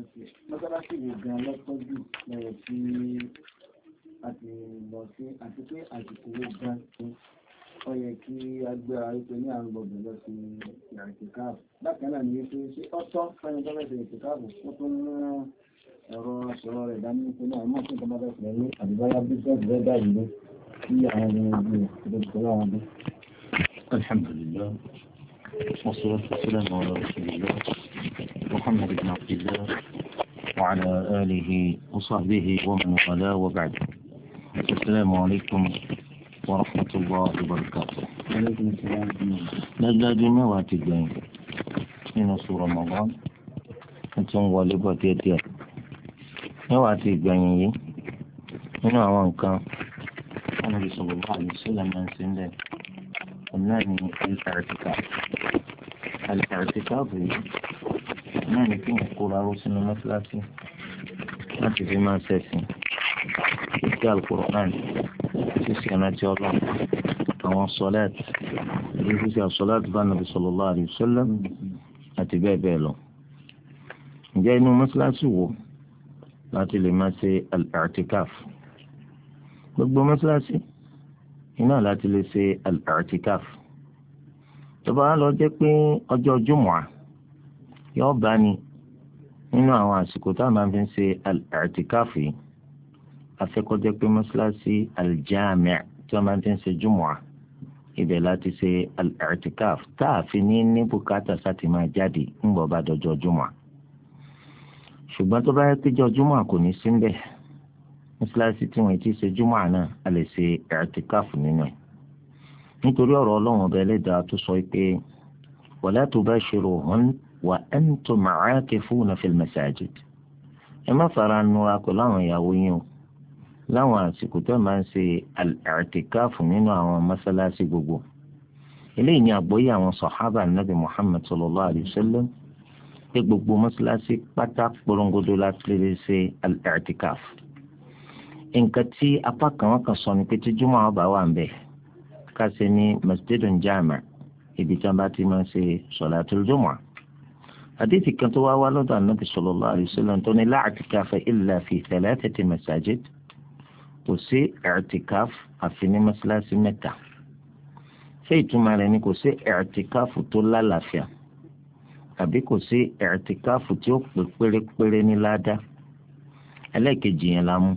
ń ṣe mọ́sálásí wo gan lọ́pọ̀ jù lọ́rọ̀ tí a ti lọ sí àti pé àsìkò wo kí a gbé ní àrùn gbọ̀gbẹ̀ lọ sí yàrá bákan náà ni wípé ṣé ọtọ́ fẹ́ni tó fẹ́sẹ̀ ìtìkáàbù ó tún mú ẹ̀rọ aṣọ́rọ̀ rẹ̀ dání wípé náà mọ̀ sí ìtọ́mọ́ fẹ́sẹ̀ ní àdìbáyá bíṣọ́ọ̀bù rẹ̀ dà yìí sí àwọn ènìyàn ojú rẹ̀ tó tó láwọn dé. alhamdulillah wasalatu wasalamu ala rasulillah محمد بن عبد الله وعلى آله وصحبه ومن والاه وبعد السلام عليكم ورحمة الله وبركاته السلام لذلك ما واتجين من سورة رمضان أنتم غالب وتيتيا ما واتجين من أوان كان النبي صلى الله عليه وسلم من سنده قلنا الاعتكاف الاعتكاف náà ní kí n kóra ó sínú mọ́ṣáláṣí láti fi máa ṣẹ̀sìn títí alukur'an títí ẹ̀rántí ọlọ́run àwọn sọláàtì èyí títí àsọláàtì bá nàbì sallallahu alaihi wasallam àti bẹ́ẹ̀ bẹ́ẹ̀ lọ. ǹjẹ́ inú mọ́ṣáláṣí wo láti lè máa ṣe al-i'tikaf gbogbo mọ́ṣáláṣí iná láti lè ṣe al-i'tikaf lọ jẹ́ pé ọjọ́ jùmọ̀á yóò bá ní nínú àwọn àsìkò táwọn máa fi ń ṣe àtìkáfù yìí afẹ́kọ́jẹ́ pé mọ́ṣáláṣí aljaami tí wọ́n máa fi ń ṣe jùmọ̀à ibẹ̀ láti ṣe àtìkáfù tá a fi ní ní bùkátà sáti máa jáde ńgbọ̀ bá dọjọ́ jùmọ̀à ṣùgbọ́n tó bá yẹ péjọ jùmọ̀à kò ní sí ń mọ́ṣáláṣí tí wọ́n ti ṣe jùmọ̀à náà a lè ṣe àtìkáfù nínú ẹ̀ nítorí ọ̀rọ̀ ọlọ́run ọba ẹlẹ́dàá tó sọ pé wala tubashiruhun wa antum aakifuna fil masajid ẹ má fara nura pẹ̀lú àwọn ìyàwó yín o láwọn àsìkò tó máa ń ṣe àtìkáàfù nínú àwọn mọ́sálásí gbogbo eléyìí ni àgbọ́yé àwọn sọ̀hábà nàbì Muhammad sallallahu alayhi wa sallam pé gbogbo mọ́sálásí pátá porongodo láti lè ṣe àtìkáàfù nǹkan tí apá kan wọn kan sọ ni pé tí jùmọ̀ àwọn bá wà ń bẹ̀ ká ṣe ní masjidun jami'a ibi tí wọn bá ti máa ń ṣe sọ̀látùl jumu'ah àdéhìí kan tó wá wá lọ́dọ̀ ànábì sallallahu alaihi wasallam tó ní láàtìkáfà illa fi thalathati masajid kò sí ẹ̀ẹ́tìkáf àfi ní mọ́sálásí mẹ́ta ṣé ìtumọ̀ rẹ̀ ni kò sí ẹ̀ẹ́tìkáf tó lálàáfíà àbí kò sí ẹ̀ẹ́tìkáf tí ó pè pérépéré ní ládàá ẹlẹ́ẹ̀kejì yẹn la mú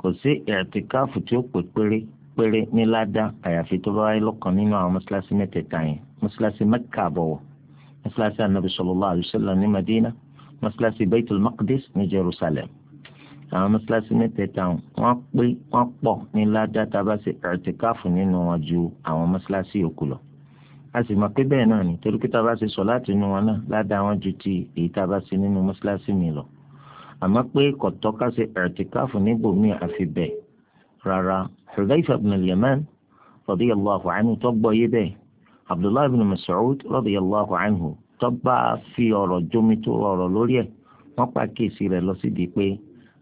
kò sí ẹ̀ẹ́tìkáf tí ó pè pérépéré ní ládàá àyàfi tó bá wáyé lọ́kàn nínú àwọn mọ́sálásí mẹ́tẹ̀ẹ̀ta yẹn mọ́sálásí mẹ́kà àbọ̀wọ̀ mọ́sálásí النبي صلى الله عليه وسلم madina mọ́sálásí بيت المقدس ní jerusalem àwọn mọ́sálásí mẹ́tẹ̀ẹ̀ta wọ́n pé wọ́n pọ̀ ní ládàá tabasi ẹ̀rẹ̀tìkáfù nínú wọn ju àwọn mọ́sálásí yòókù lọ a sì mọ̀ pé bẹ́ẹ̀ náà ni torí pé tabasi sọ láti inú wọn náà ládàá wọn ju ti èyí tabasi nínú mọ́sálásí mi lọ àmọ́ pé kò tọ́ka sí ẹ̀rẹ̀tìkáfù níbòmí àfi bẹ́ẹ̀ rárá Hudhayfa ibn abdullahi bin mas'ud radiyallahu anhu tó bá fi ọ̀rọ̀ jómi tó ọ̀rọ̀ lórí ẹ̀ wọ́n pa kéèsì rẹ̀ lọ sídìí pé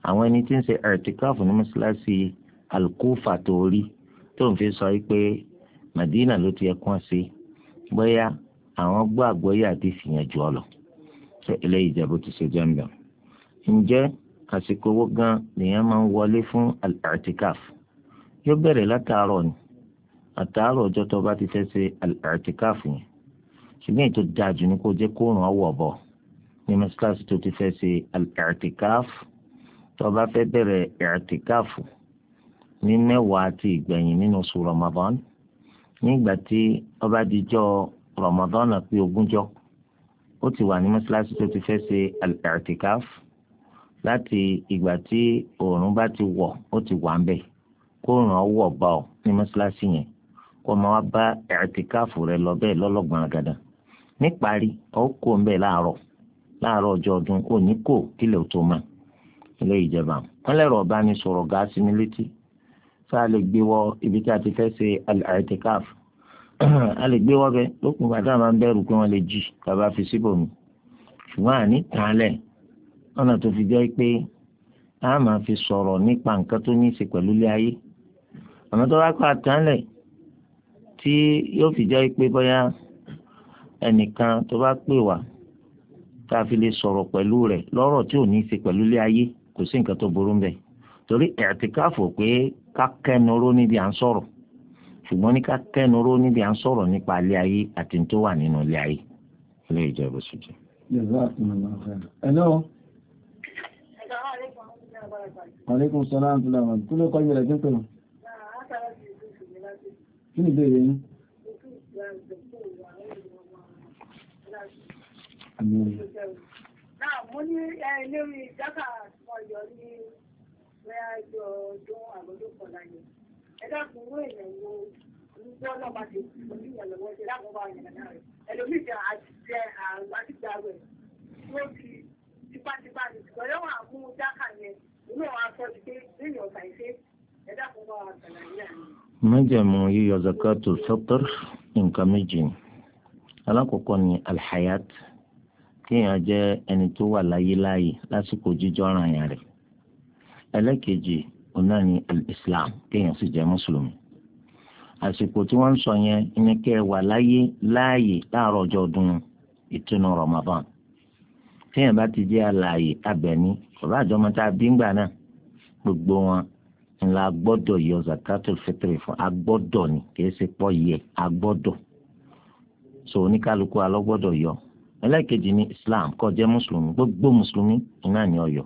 àwọn ẹni tí ń ṣe ẹ̀rẹ̀tìkáàfù ní mọ́ṣáláṣí alkufa tó rí tó ń fi sọ pé madina ló ti yẹ kán sí bóyá àwọn gbọ́ àgbọ́yé àti ìfìyànjú ọ̀lọ̀ tó eléyìí jẹ́ bó ti ṣe jẹ́ ń bẹ̀. àsìkò owó gan lèèyàn máa ń wọlé fún ẹ̀rẹ̀tìkáàfù yóò bẹ̀rẹ̀ látàárọ̀ ni àtàárọ̀ ọjọ́ tó bá ti fẹ́ ṣe àtìkáàfù yẹn ṣùgbọ́n ètò dájú ni kò jẹ́ kó ràn ọ́ wọ̀ bọ̀ ní mọ́sálásí tó ti fẹ́ ṣe àtìkáàfù tó bá fẹ́ bẹ̀rẹ̀ àtìkáàfù ní mẹ́wàá àti ìgbẹ̀yìn nínú oṣù Ramadan nígbà tí ó bá dijọ́ Ramadan pé ogúnjọ́ ó ti wà ní mọ́sálásí tó ti fẹ́ ṣe àtìkáàfù láti ìgbà tí oòrùn bá ti wọ̀ ó ti wà ń bẹ̀ kó ràn ọ́ wọ̀ bá ní mọ́sálásí yẹn kó máa bá ẹ̀ẹ́tìkáàfù rẹ lọ bẹ́ẹ̀ lọ́lọ́gbọ̀n àgàdà níparí ọ̀ kó ń bẹ̀ láàárọ̀ láàárọ̀ ọjọ́ ọdún òní kò kílẹ̀ tó máa ilé ìjọba wọn lẹ́rọ ọba ní sọ̀rọ̀ gáàsì ní létí tá a lè gbé wọ ibi tí a ti fẹ́ ṣe ẹ̀ẹ́tìkáàf a lè gbé wọ bẹ lókun bàtà máa ń bẹ̀rù pé wọ́n lè jì bàbá fi síbòmí ṣùgbọ́n àní tàn lẹ̀ ọ̀nà tó fi tí yóò fi jẹ́ pé bóyá ẹnìkan tó bá pè wá tá a fi lè sọ̀rọ̀ pẹ̀lú rẹ̀ lọ́rọ̀ tí ò ní í ṣe pẹ̀lú ilé ayé kò sí nǹkan tó burú torí ẹ̀ẹ́dẹ́káfò pé ká kẹ́nuró níbi à ń sọ̀rọ̀ ṣùgbọ́n ní níbi à ń wa kí ni ìbéèrè yín? Náà mo ní ẹlẹ́rìí ìjákà ọ̀yọ́ ní rẹ̀ àjọ ọdún àgbọ̀dọ̀pọ̀ láyé. Ẹ dákun owó èèyàn wo orúkọ ọlọ́pàá ti ojú ìyàlọ́wọ́ ṣe dákun bá ọ̀yàn náà rẹ̀. Ẹlòmíì jẹ́ àtijọ́ àrùn àtijọ́ rẹ̀ tó fi tipátipá ní májàmú yíyọ zakatul fitr nǹkan méjì ni alákọ̀ọ́kọ́ ni alhayat kéèyàn jẹ́ ẹni tó wà láyé láàyè lásìkò jíjọ́ ara yàn rẹ̀ ẹlẹ́kejì ọ̀nà ni islam kéèyàn sì jẹ́ mùsùlùmí àsìkò tí wọ́n ń sọ yẹn ni kẹ́ ẹ wà láyé láàyè láàárọ̀ ọjọ́ ọdún ìtúnu ramadan téèyàn bá ti jẹ́ alààyè abẹ̀ní bàbá àjọmọ́ta bíngbà náà gbogbo wọn ńlá gbọ́dọ̀ yọ zakatul fitri fún agbọ́dọ̀ ni kìí ṣe pọ̀ yẹ agbọ́dọ̀ so oníkálukú alọ́gbọ́dọ̀ yọ ẹlẹ́ẹ̀kejì ní islam kó jẹ́ mùsùlùmí gbogbo mùsùlùmí iná ni ọyọ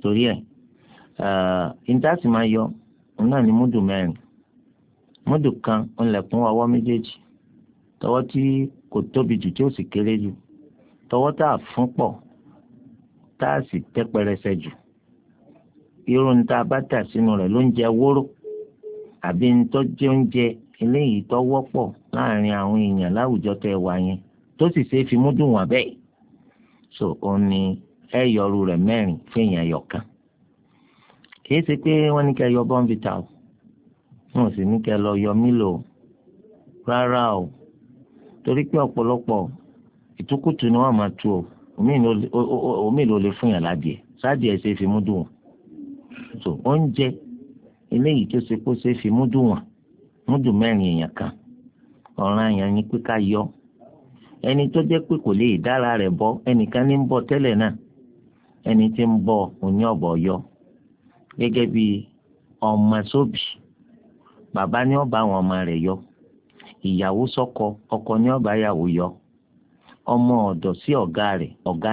torí ẹ̀ eh, intanẹti máa yọ náà ni múdù mẹ́rin múdù kan ńlẹ̀kùn ọwọ́ méjèèjì tọwọ́ tí kò tóbi jù tí ó sì kéré jù tọwọ́ tá a fún pọ̀ tá a sì tẹ́ pẹrẹsẹ jù irú ń ta bàtà sínú rẹ̀ ló ń jẹ wóró àbí ń tọ́jú oúnjẹ eléyìí tó wọ́pọ̀ láàrin àwọn èèyàn láwùjọ tẹ wà yẹn tó sì ṣe é fi mú dùn wà bẹ́ẹ̀ so ó ní ẹ yọrù rẹ̀ mẹ́rin fẹ̀yìn ẹ̀yọ̀ kan kìí ṣe pé wọ́n ní kẹ́ yọ bọ́ǹvìtà o wọn sì ní kẹ́ lọ yọ mílò rárá o torí pé ọ̀pọ̀lọpọ̀ ìtúkùtù ni wọ́n máa tu o omi ìlò lè fún yàn ládìẹ sádìẹ ṣe é fi mú dùn o. so oúnjẹ eléyìí tó ṣe kó ṣe fi múdù wọn múdù mẹ́rin èèyàn kan ọ̀ràn èèyàn ni pé ká yọ ẹni tó jẹ́ pé kò lè dára rẹ̀ bọ́ ẹnìkan ní ń bọ́ tẹ́lẹ̀ náà ẹni tí ń bọ́ òní ọ̀bọ̀ yọ gẹ́gẹ́ bí ọmọ sóbì bàbá ní ọba àwọn ọmọ rẹ̀ yọ ìyàwó sọkọ ọkọ ní ọba ìyàwó yọ ọmọ ọ̀dọ̀ sí ọ̀gá rẹ̀ ọ̀gá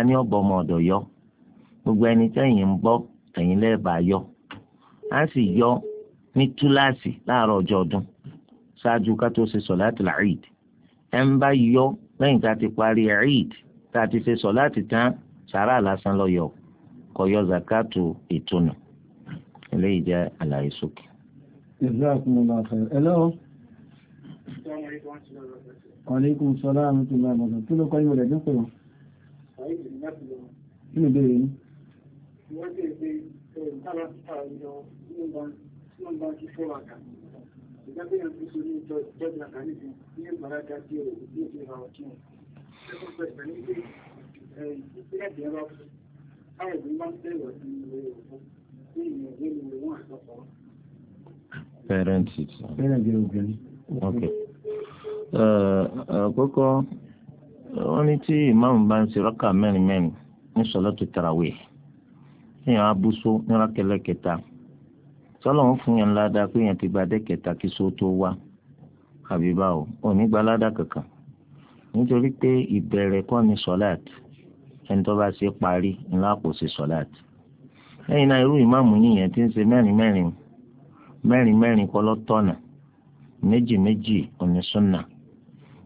ẹ̀yin lẹ́ẹ̀bà yọ á sì yọ ní túláàsì láàárọ̀ ọjọ́ ọdún ṣáájú ká tó ṣe sọ̀láàtì làáìd ẹ̀ ń bá yọ lẹ́yìn tá a ti parí ẹ̀ẹ́d tá a ti ṣe sọ̀láàtì tán sàrà lásán lọ yọ kọ yọ zakatu ìtùnú eléyìí jẹ́ àlàyé sókè. Aleykum salaam wa rahmatullahi wa barakatuh. Kí ló kọ́ ìwé rẹ̀ dín pẹ̀lú? Kí ni ìbéèrè yín? wọ́n tẹ̀ pé tára títà ìjọ nọ́mbà ti fọ́ àkà ìgbàgbé yẹn fún sórí ìjọ ìjọba àkà níbi ní ìmọ̀lága tí ó ní ìdí ìwà ọ̀tí wọn lẹ́kọ̀ọ́ pẹ̀ pẹ̀lú pé ìpínlẹ̀ bí ẹ̀rọ káwọn ìlú máa ń bẹ̀rẹ̀ sí ìwé òfin ní ìmọ̀ ìwé ìwé wọn àtọ́kọ̀ Pẹ́rẹ́ǹtì. Pẹ́rẹ́ǹtì obìnrin. Ok. Àkọ́kọ́, wọ́n ní tí ìmáàmù bá ń ṣe rákà mẹ́rin mẹ́rin ní sọ́látù tarawih tí yàn á bú só nírà kẹlẹ́kẹta sọlọ́ ń fún yàn ládàá pé yàn ti gba dẹ́kẹta kí só tó wá àbí báwo òní gba ládàá kankan nítorí pé ìbẹ̀rẹ̀ kọ́ ni sọ́láàtì ẹni tó bá ṣe parí ńlá kò ṣe sọ́láàtì lẹ́yìn náà irú ìmáàmù yìnyẹn ti ń ṣe mẹ́rin mẹ́rin mẹ́rin mẹ́rin kọ́ lọ́tọ̀nà méjì méjì òní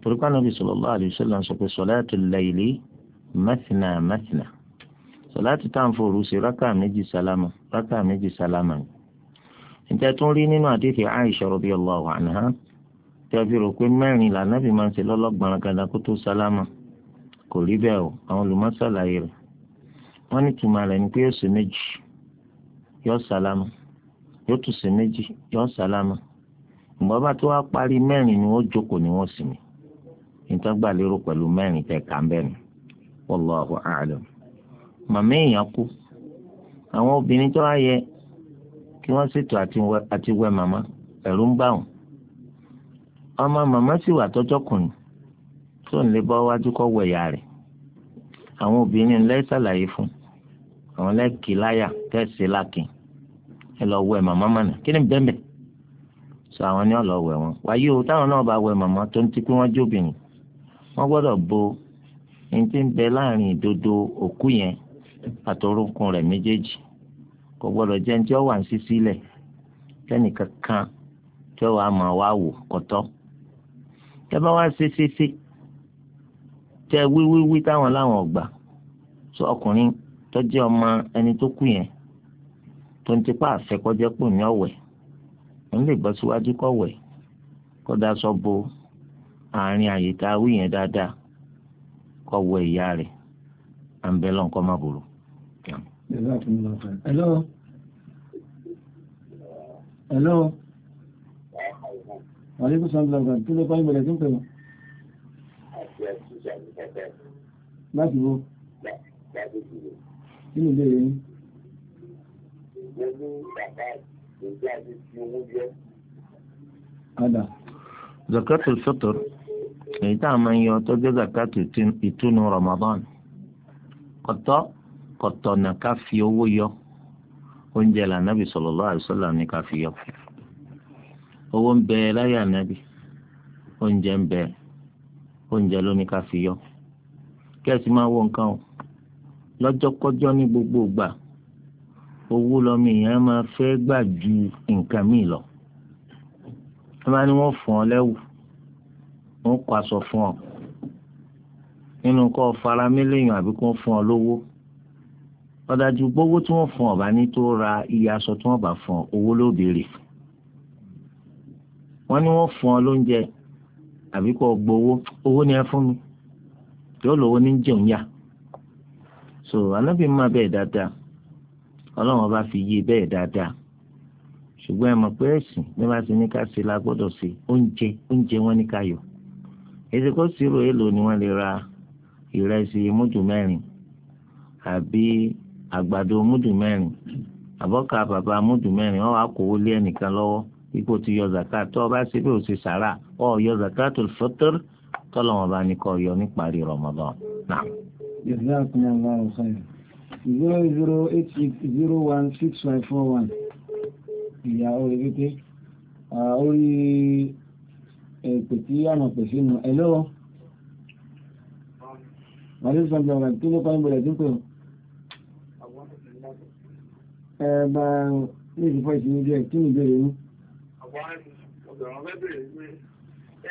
torí pé Ànábì sallallahu alaihi wasallam sọ pé sọ́láàtì láìlì mẹ́tìnà mẹ́tìnà sọláàtì táǹfò òru ṣe rákà méjì sálámà rákà méjì sálámà ni. ǹjẹ́ tún rí nínú àdéhìí Aisha radiyallahu anha tẹ́bí rò pé mẹ́rin lànàbì máa ń ṣe lọ́lọ́gbọ̀n gàdá kó tó sálámà kò rí bẹ́ẹ̀ o àwọn olùmọ́sàlàyé rẹ̀ wọ́n ní tùmọ̀ rẹ̀ ni pé yóò ṣe méjì yóò sálámà yóò tún ṣe méjì yóò sálámà tó wá parí mẹ́rin ni wọ́n jókòó ni wọ́n sinmi ìtọ́gbà lérò pẹ̀lú mẹ́rin tẹ̀ màmá èèyàn kú àwọn obìnrin tó wá yẹ kí wọ́n ṣètò àti wẹ màmá ẹ̀rù ń bà wọ́n ọmọ màmá sì wà tọ́jọ́ kùnrin tó ń lè bọ́ wájú kọ́ wẹ̀ ìyá rẹ̀ àwọn obìnrin lẹ́ ṣàlàyé fún àwọn lẹ́kì láyà kẹ́sì lákin ẹ lọ wẹ màmá mọ̀nà kí ni bẹ́ẹ̀ bẹ́ẹ̀ sọ àwọn ni ọ̀lọ́ wẹ̀ wọn wáyé o táwọn náà bá wẹ màmá tó ń ti pé wọ́n jóbìnrin wọ́n gbọ́dọ̀ bo ẹni tí ń bẹ láàrin ìdodo òkú yẹn àtọrúnkún rẹ̀ méjèèjì kò gbọ́dọ̀ jẹ́ ní tí ó wà ń sísí lẹ̀ tẹ́nìkan kan tí ó wà á máa wá wò kọ́tọ́ tẹ́ bá wá ṣe ṣe ṣe tẹ́ wíwíwí táwọn láwọn ọgbà sọ ọkùnrin tó jẹ́ ọmọ ẹni tó kú yẹn tó ń tipa àfẹ́kọ́jẹ́ pò ní ọ̀wẹ̀ ń lè bọ́ síwájú kọ̀wẹ̀ kó daṣọ bo àárín àyíká wí yẹn dáadáa kó wọ ìyá rẹ̀ àǹbẹ̀lọ̀ nǹkan má burú. جزاكم الله خير الو الو وعليكم السلام ورحمه الله كله طيب ولكن طيب ما في بو لا لا في زكاة الفطر إذا من يعطي زكاة إتون رمضان قد kọ̀tọ̀nà ká fi owó yọ oúnjẹ lànàbì sallallahu alaihi wasallam ní ká fi yọ owó ń bẹ láyé ànábì oúnjẹ ń bẹ oúnjẹ ló ní ká fi yọ kẹ́sì máa wọ nǹkan o lọ́jọ́kọ́jọ́ ní gbogbo ìgbà owó lọ́mọ èèyàn máa fẹ́ gbà ju nǹkan míì lọ wọ́n máa ní wọ́n fún ọ lẹ́wù wọ́n kó aṣọ fún ọ nínú kọ́ faramílẹ̀yìn àbí kó fún ọ lówó ọ̀dàjú gbówó tí wọ́n fún ọ̀bá ní tó ra iye aṣọ tí wọ́n bá fún owó ló béèrè wọ́n ní wọ́n fún ọ lóúnjẹ àbí kò gbowó owó ni ẹ fún mi yóò lówó ní jẹun yá so anábì máa bẹ́ẹ̀ dáadáa ọlọ́run ọba fi yé bẹ́ẹ̀ dáadáa ṣùgbọ́n ẹ mọ̀ pé ẹ̀sìn bí wọ́n ti ní ká ṣe la gbọ́dọ̀ ṣe oúnjẹ oúnjẹ wọn ní ká yọ èsì sírò èlò ni wọ́n lè ra ìrẹsì mọ́tò mẹ́rin àbí àgbàdo múdù mẹ́rin àbọ́kà bàbá múdù mẹ́rin wọ́n wá kówó lé ẹnìkan lọ́wọ́ ipò ti yọ zakat tó o bá ṣe bí o ṣe sàrà ọ yọ zakatul fitr tọ́lọ̀ wọn bá ní kọ́ yọ níparí Ramadan náà. ìdílé àkùnrin àwọn ọ̀sán yìí zero zero eight six zero one six five four one ìyá orí pété orí èpè tí àmọ̀ pèsè nù ẹ̀ lọ́wọ́. wàlúùsọ̀gbọ̀n kí ló kọ́ ń bọ̀rẹ̀ dínkù ẹ̀bà ní ìfọ́ ìsinmi díẹ̀ kí ni ìbéèrè ní. àwọn ọ̀gbọ̀n fẹ́ bèèrè pé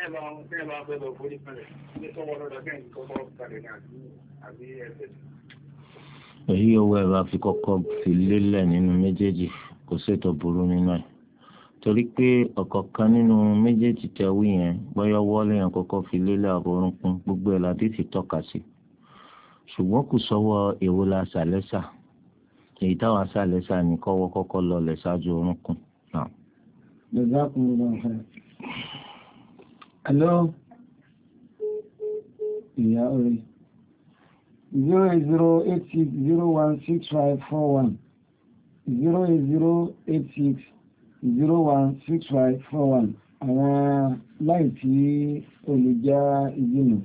ẹ̀bà ẹ̀bà fẹ́ lọ forí pẹ̀lẹ̀ ní tọ́wọ́ lọ́dọ̀ kẹ́ ìkọ́kọ́ kalẹ̀ ní àbí ẹ̀fẹ́. èyí owó ẹ̀rọ àfikọ́kọ́ fi lélẹ̀ nínú méjèèjì kò ṣètò burú nínú ẹ̀ torí pé ọ̀kọ̀ọ̀kan nínú méjèèjì tẹ wí yẹn bọ́yọ́ wọ́lé yẹn kọ́kọ́ fi lélẹ̀ àbọ̀rún pin gbogbo ẹ̀ láti ti tọ́ka sí ṣùgbọ́n kò sọ́wọ́ èwo la ṣàlẹ́sà èyí táwọn aṣáálẹ̀ ṣáà ní kọ́wọ́ kọ́kọ́ lọlẹ̀ ṣáájú orúnkún náà. lọ́dọ̀ kún mi lọ fẹ́. hello ìyá orí zero eight zero eight six zero one six five four one zero eight zero eight six zero one six five four one àwọn láì tí olùjá ìdí nù.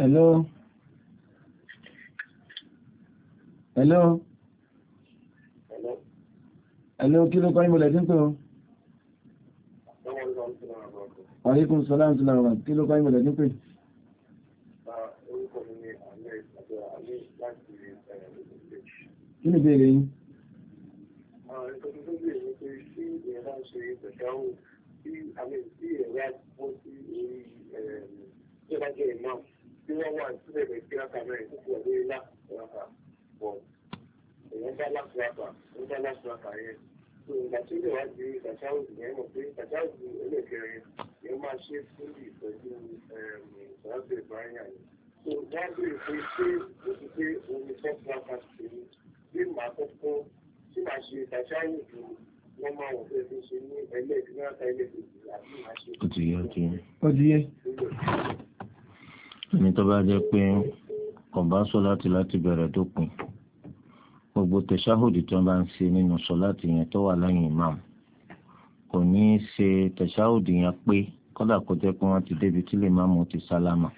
hello. Hello. Hello, kí ló kọ́ ìmọ̀lẹ̀ tí ń pẹ̀ o? Àríkùn Sọlám ti lára kí ló kọ́ ìmọ̀lẹ̀ tí ń pẹ̀? Eh, kí ni ìbéèrè yín? Tí wọ́n wà sílẹ̀ rẹ̀ kí á kàmẹ́rin tó kò wà lórí lá, ọ̀rọ̀ pọ̀ èèyàn dá láfúráfà ó dá láfúráfà yẹn tó ìgbà tí ìwà di kàṣáwù yẹn mọ̀ pé kàṣáwù ẹlẹ́kẹrin yẹn máa ṣe fún ìtọ́jú ìtọ́jú ìbáyà yẹn tó dájú ìpè ṣé o ti pé omi sọ́fúráfà ti ní bí màá kọ́kọ́ tí màá ṣe kàṣáwù ju wọ́n máa wọ̀ pé ṣe ní ẹlẹ́ẹ̀dínláta ẹlẹ́ẹ̀dínláta àti màá ṣe. ó ti yé ó ti yé ẹni tó bá jẹ́ pé kò bá sọláàtì láti bẹ̀rẹ̀ dópin gbogbo tẹ̀sáhùdì tí wọ́n bá ń ṣe nínú sọláàtì yẹn tó wà lẹ́yìn imam kò ní í ṣe tẹ̀sáhùdì yẹn pé kódà kó jẹ́ pé wọ́n ti débi tí lè máàmù ti sálámà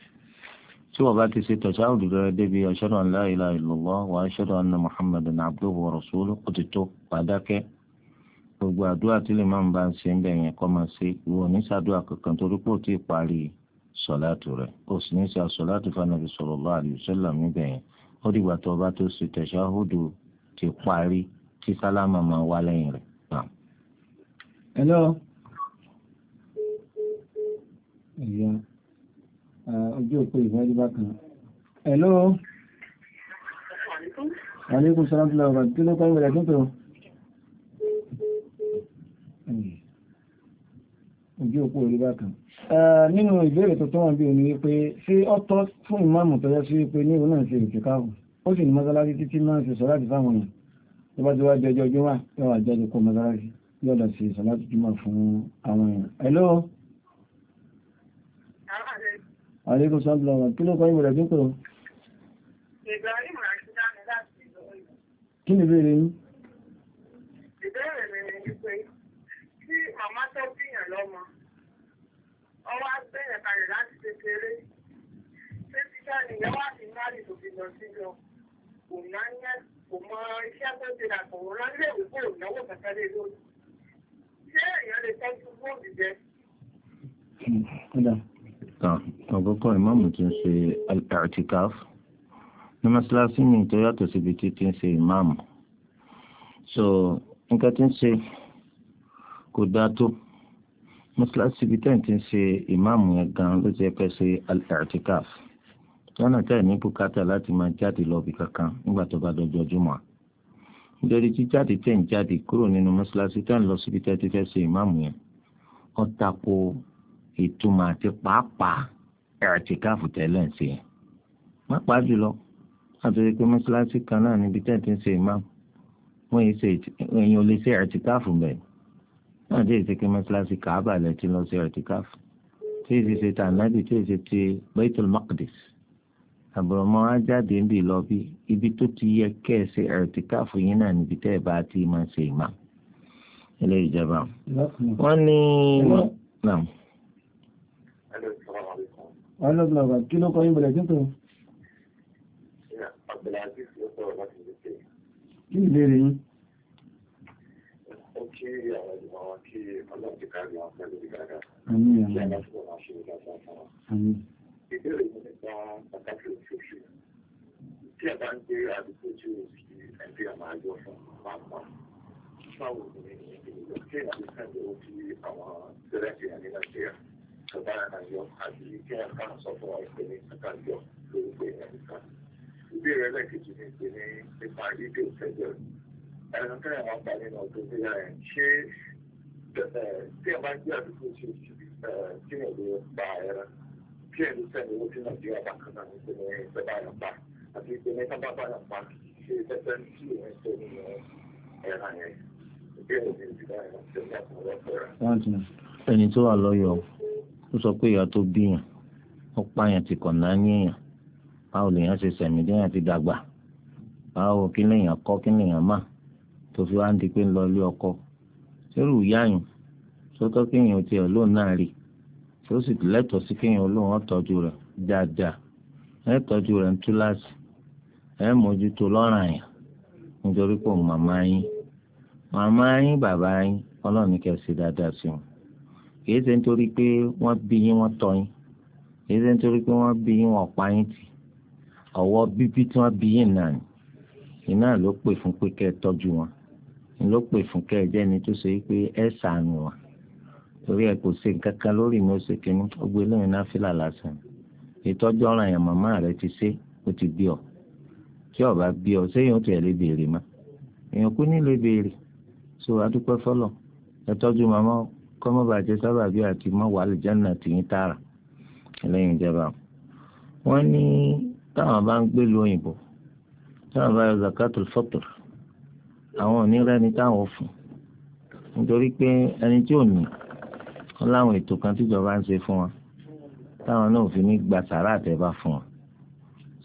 tí wọ́n bá ti ṣe tẹ̀sáhùdì rẹ̀ débi ashhadu an la ilaha illallah wa ashhadu anna muhammadan abduhu wa rasuluhu ó ti tó pàdákẹ́ gbogbo àdúrà tí lè máàmù bá ń ṣe ń bẹ̀ yẹn kọ́ máa ṣe ìwọ ní sọ̀láàtù rẹ̀ ó sì ní sá sọ̀láàtù fanabi sallallahu alaihi wasallam níbẹ̀ yẹn ó dìgbà tó bá tó ṣe tẹ̀síáhùdù ti parí tí sálámà máa wá lẹ́yìn rẹ̀. hello ìyá ojú òpó ìfẹ́jú bákan hello aleykum salaam tí ló kọ́ ìwé rẹ̀ tuntun ojú òpó orí bákan. nínú ìbéèrè tó tún wọn bí omi wípé ṣé ó tọ́ fún ìmáàmù tó yẹ sí wípé ní òun náà ṣe ìtìkáàfù ó sì ní mọ́sálásí títí máa ń ṣe sọ láti fáwọn èèyàn tó bá ti wá jọjọ júmọ́ yóò wá jáde kó mọ́sálásí yóò lọ sí sọ láti júmọ́ fún àwọn èèyàn. hello. aleykum salaam kí ló kọ́ ìmọ̀ rẹ̀ dínkù. kí ni ìbéèrè yín. ìbéèrè mi ni pé tí màmá tó bíyàn lọ́mọ kalẹ̀ láti kékeré ṣé títà nìyẹn wà sí márì tó fi lọ sí lọ kò ná yẹn kò mọ iṣẹ́ tó ti rà kò rán ilé ìwé kò náwó kankan lé lórí ṣé èèyàn lè tọ́jú bóòdì jẹ. Àkọ́kọ́ ìmáàmù ti ń ṣe al-i'tikaf ní mọ́ṣáláṣí mi tó yàtọ̀ síbi tí ti ń ṣe ìmáàmù. So, nǹkan ti ń ṣe kò dáa tó mọ́ṣáláṣí ibi tẹ́yìn ti ń ṣe ìmáàmù yẹn gan ló ti fẹ́ ṣe al-i'tikaf lọ́nà tẹ́yìn ní bùkátà láti máa jáde lọ bí kankan nígbà tó bá dọjọ́ jùmọ̀ nítorí jíjáde tẹ́yìn jáde kúrò nínú mọ́ṣáláṣí tẹ́yìn lọ síbi tẹ́yìn ti fẹ́ ṣe ìmáàmù yẹn ó tako ìtumọ̀ àti pàápàá i'tikaf tẹ́lẹ̀ ń ṣe yẹn pàápàá jùlọ àtúnṣe pé mọ́ṣáláṣí kan náà níbi tẹ́yìn ti ń ṣe ìmáàmù náà tí èsì kí mọ́ṣáláṣí kàábà lẹ ti lọ sí ẹ̀tìkáf tí èsì ṣe tànàbì tí èsì ti Baitul Maqdis àbùrọ̀mọ́ á jáde ń bì lọ bí ibi tó ti yẹ kẹ́ẹ̀sì ẹ̀tìkáf yín náà níbi tẹ́ ẹ̀ bá ti máa ṣe ìmá ilé ìjọba. wọ́n ní. ọlọ́gbọ̀nàgbà kí ló kọ́ yín bẹ̀rẹ̀ kí n ìbéèrè yín. Ìbéèrè mi nípa ní Nàìjíríà? nípa. Ìbéèrè òṣèlú. Ẹnu tẹ́lẹ̀ wọn gbà nínú ọdún tó yára ṣé tí ẹ bá gbé àdúgbò tí o tí mo lè gba ẹran tí ẹ lè sẹ́ni owó tí nàìjíríà bá kan náà nípa ní ẹgbẹ́ bá yàn pa àti ìpè ní sábà bá yàn pa ṣe tẹ́tẹ́ tí o ń sọ nínú ẹran yẹn ẹni tó wà lọ́yọ̀ọ́ ó sọ pé ìyá tó bíyàn ó pààyàn ti kọ̀nà yíyàn báwo lèèyàn ṣe sẹ̀mí déyàn ti dàgbà báwo kí lèèyàn kọ́ kí lèèyàn mà tó fi wá ń di pé ń lọ ilé ọkọ sẹ́rù yáyùn sọ́tọ́ kéèyàn ti ẹ̀ lóun náà rí tó sì lẹ́tọ̀ọ́ sí kéèyàn lóun ọ̀tọ́jú rẹ̀ dáadáa ẹ̀ tọ́jú rẹ̀ ń túláàsì ẹ̀ mójútó lọ́ràn àyàn nítorí pé òun màmá yín màmá yín bàbá yín kẹ́ sí dáadáa sí wọn kìí ṣe nítorí pé wọ́n bí yín wọ́n tọ́ yín kìí ṣe nítorí pé wọ́n bí yín wọ́n pa yín tì bíbí tí wọ́n bí yín náà ló pè fún kẹ́ẹ̀jẹ́ ni tó ṣe pé ẹ sànù wa torí ẹ kò ṣe nǹkan kan lórí mi ó ṣe kínní ó gbé lóyún náà fìlà lásán ìtọ́jú ọ̀ràn yẹn màmá rẹ ti ṣe ó ti bí ọ tí ọba bí ọ ṣé yóò tiẹ̀ lè béèrè ma èèyàn kú nílé béèrè so adúpẹ́ fọlọ́ ẹ tọ́jú màmá kọ́mọ́bàjẹ́ sábàbí àti mọ́wàá àlùjáná tìyín tààrà lẹ́yìn ìjọba wọ́n ní táwọn bá ń gbé lu òyìnbó táwọn bá yọ zakatul fọ́tòrò àwọn onírẹ́ ni táwọn fún nítorí pé ẹni tí ò ní wọn láwọn ètò kan tíjọba ń ṣe fún wa táwọn náà fi ní gba sàrà àtẹ̀bá fún wa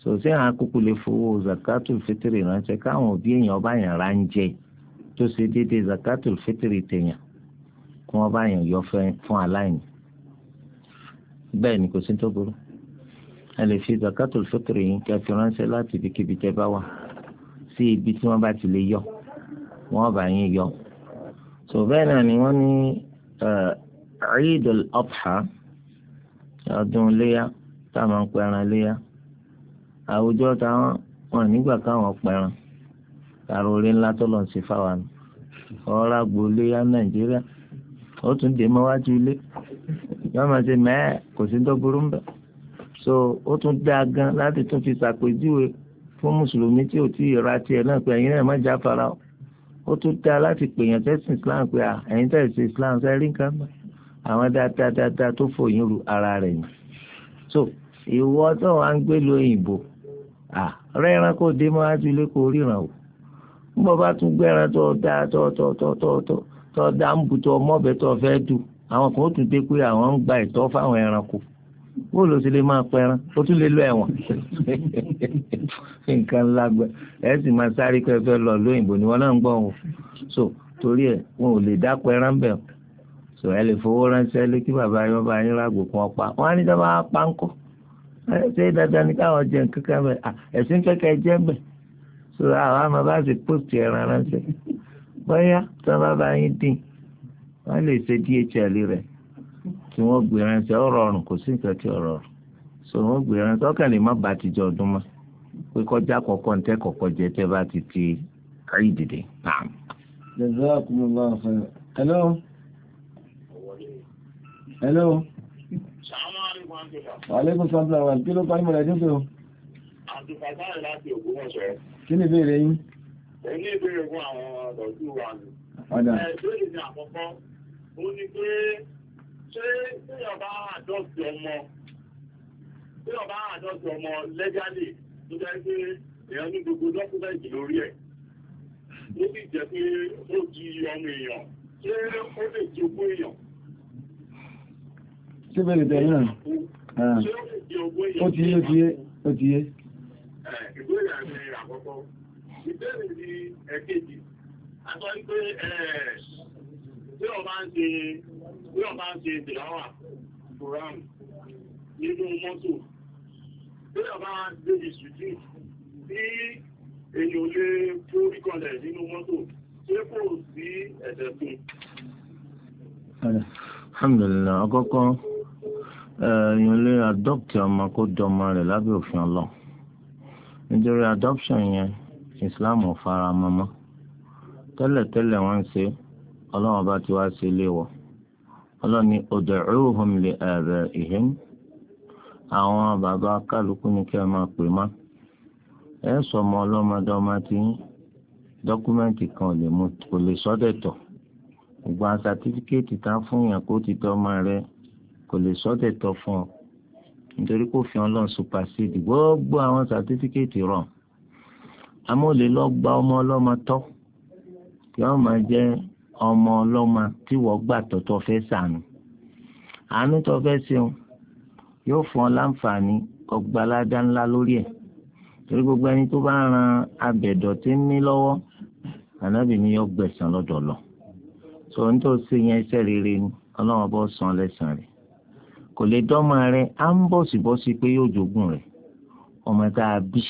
sòsí àwọn akókò lè fowó zakato fitiri ránṣẹ́ káwọn òbí èèyàn ọba yẹn ránjẹ tó ṣe déédéé zakato fitiri tèèyàn kí wọn bá yẹn yọ fún aláìní bẹ́ẹ̀ ni kò sí tó burú ẹ lè fi zakato fitiri yín kẹfì ránṣẹ́ láti ibikíbi tẹ́ bá wà sí ibi tí wọn bá ti lè yọ wọ́n bá yín yọ. tó bẹ́ẹ̀ náà ni wọ́n ní Eid al-Adha ọdún léyà tá a máa ń pẹran léyà àwùjọ táwọn wọn nígbà káwọn pẹran kàrò orí ńlá tó lọ sí fáwọn ọ̀rá gboléyà Nàìjíríà ó tún dè mọ́wájú ilé yọ́n máa ṣe mẹ́ẹ̀ kò sí dọ́gbúrú ń bẹ̀ so ó tún dáa gan láti tún fi ṣàpèjúwe fún mùsùlùmí tí ò tí ì ra tiẹ̀ náà pé ẹ̀yin náà má jà fara o ó tún dá láti pèèyàn tẹ́sìn islam pé ẹ̀yin tẹ́sìn islam ṣe rí nǹkan mọ́ àwọn dáadáa tó fòyìn ru ara rẹ̀ yìí so ìwọ tó wà ń gbé lo òyìnbó rẹ́ran kò dé mọ́ láti ilé kò ríran o nígbà bá tún gbẹ́ran tó dá tó tó tó tó tó tó dá ń bu tó mọ́bẹ̀ tó fẹ́ dù àwọn kan ó tún dé pé àwọn ń gba ìtọ́ fáwọn ẹranko bóòlù ó sì lè máa pẹran ó tún lè lọ ẹ̀wọ̀n nǹkan ńlá gbẹ ẹ sì máa sáré pé ẹ fẹ́ lọ lóyìnbó ni wọn náà ń gbọ́ wọn so torí ẹ wọn ò lè dá pẹran bẹ̀ so ẹ lè fowó ránṣẹ́ lé kí bàbá yín bá yín rágò kún ọ pa wọn á ní sábà pa ń kọ́ ẹ ṣe dandan ní káwọn jẹ nǹkan kan bẹ̀ ẹ̀sìn kẹ́kẹ́ jẹ́ bẹ̀ so àwọn àmọ́ bá sì pòtì ẹran ránṣẹ́ bóyá tí bá yín dín wọ́n lè ṣe dhl rẹ̀ tí wọ́n gbé ránṣẹ́ ọ̀rọ̀ ọ̀rùn kò sí nǹkan tí ọ̀rọ̀ ọ̀rùn so wọ́n gbé ránṣẹ́ ọ̀kàn lè má ba àtijọ́ ọdún mọ́ pé kọjá kọ̀ọ̀kọ́ ń tẹ́ kọ̀ọ̀kọ́ tẹ́ bá ti ti káyì dìde. hello hello aleykum salaam wa kí ló parí mọ̀lẹ́ dínkù. àtùkàtà láti Ògbómọ̀ṣọ́. kí ni ìbéèrè yín. àwọn ọ̀dọ́ tí wà ní. ọ̀dà. ẹ̀ẹ́dẹ́gbẹ̀rẹ̀ àkọ́kọ́ ó ní ṣé téèyàn bá àdọ́sì ọmọ téèyàn bá àdọ́sì ọmọ lẹ́gálì tó jẹ́ pé èèyàn ní gbogbo dọ́kúmẹ́ǹtì lórí ẹ̀ ó sì jẹ́ pé ó di ọmọ èèyàn ṣé ó lè di ogún èèyàn. síbẹ̀ ìbẹ̀ náà ah. ó ti yé ó ti yé ó ti yé. ìgbéyà ni àkọ́kọ́ ìbéèrè ni ẹ̀kejì a sọ pé tí ọba ń ṣe bí wọ́n bá ń ṣe ìdìláwà kùránù nínú mọ́tò bí wọ́n bá débi sùjú bí èyàn lè tó ríkọlẹ̀ nínú mọ́tò ṣé kò sí ẹ̀ṣẹ̀ fún alhamdulillah àkọ́kọ́ èèyàn lè adopt ọmọ kó dọmọ rẹ̀ lábẹ́ òfin Ọlọ́run nítorí adoption yẹn Islam ò fara mọ́ mọ́ tẹ́lẹ̀tẹ́lẹ̀ wọ́n ń ṣe Ọlọ́run bá ti wá sí ilé wọ̀ ọlọ́ni ud'uuhum li aabaa'ihim àwọn bàbá kálukú ní kí ẹ máa pè má ẹ sọ ọmọ ọlọ́mọdé ọmọ tí dọ́kúmẹ́ǹtì kan kò lè sọ́dẹ̀tọ̀ ìgbà sátífíkẹ́ẹ̀tì tá fún yàn kó ti tọ́ ọmọ rẹ kò lè sọ́dẹ̀tọ̀ fún ọ nítorí kò fi ọlọ́run supasíìdì gbogbo àwọn sátífíkẹ́ẹ̀tì rọ̀ àmọ́ lè lọ gba ọmọ ọlọ́mọ tọ́ kí wọ́n máa jẹ́ ọmọ ọlọ́mọ tí wọ́n gbà tọ́tọ́ fẹ́ sànù àánú tó fẹ́ ṣeun yóò fún ọ láǹfààní ọgbàládá ńlá lórí ẹ̀ torí gbogbo ẹni tó bá ran abẹ̀dọ̀ tí ń ní lọ́wọ́ ànábì ni yóò gbẹ̀san lọ́dọ̀ lọ sọ ní tó ṣe yẹn iṣẹ́ rere ni ọlọ́run bọ́ san lẹ́san rẹ̀ kò lè dọ́mọ rẹ á ń bọ̀sibọ́sí pé yóò jogún rẹ̀ ọmọ tá a bí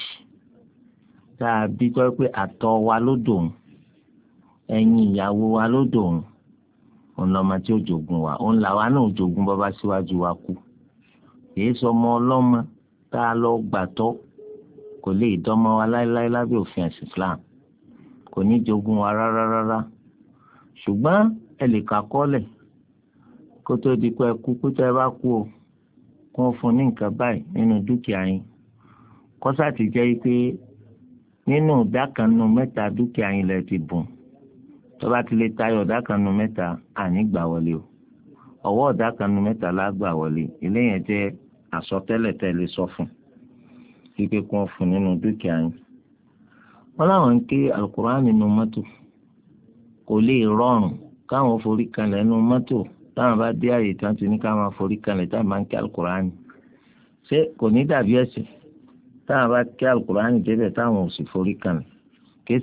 tá a bí tó pé àtọ̀ wa ló dòun ẹ̀yin ìyàwó wa ló dòun òun lọ́mọ tí ó jogun wa òun làwa náà jogun bàbá síwájú wa kú kìí sọmọ ọlọ́mọ tá a lọ gbàtọ́ kò lè dọ́mọ wa láéláé lábẹ́ òfin ẹ̀sìn Islam kò ní jogun wa rárá rárá ṣùgbọ́n ẹ lè kà kọ́lẹ̀ kó tó di pé ẹ kú kó tẹ́ ẹ bá kú o kó ń fún ní nǹkan báyìí nínú dúkìá yín kọ́sà ti jẹ́ pé nínú ìdá kan nínú mẹ́ta dúkìá yín lẹ ti bùn tó bá ti lè tayọ ọ̀dà kan nu mẹ́ta àní gbà wọlé o ọwọ́ ọ̀dà kan nu mẹ́ta lágbà wọlé eléyẹn jẹ́ àsọtẹ́lẹ̀ tẹ́lẹ̀ sọ fún kíkẹ́ kún fún nínú dúkìá yín wọ́n láwọn ń ké alukur'an nínú mọ́tò kò lè rọrùn káwọn forí kanlẹ̀ nínú mọ́tò táwọn bá dé àyè tán ti ní káwọn forí kanlẹ̀ táwọn máa ń ké alukur'an ṣé kò ní dàbí ẹ̀ṣẹ̀ táwọn bá ké alukur'an débẹ̀ táwọn ò sì forí kanlẹ̀ kì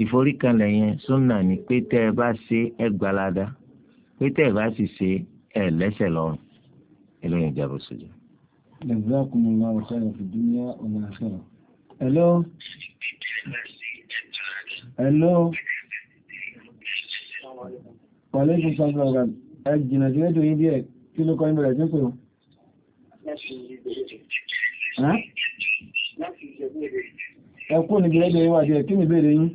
ìforíkanlẹ̀ yẹn súnà ni pé tẹ́ ẹ bá ṣe ẹ gbalada pé tẹ́ ẹ bá sì ṣe ẹ lẹ́sẹ̀ lọ́rùn eléyìí ìjàbọ̀ sójú. jazakumullahu khairan fid dunya wal akhirah. hello. hello. wàlẹ́ ìfúnṣọ́ ọ̀gá ẹ jìnnà sí rédíò yín díẹ̀ kí ló kọ́ ìbẹ̀rẹ̀ tó sọ̀rọ̀. ẹ kú ní ìbẹ̀rẹ̀ yín wà díẹ̀ kí ni ìbéèrè yín.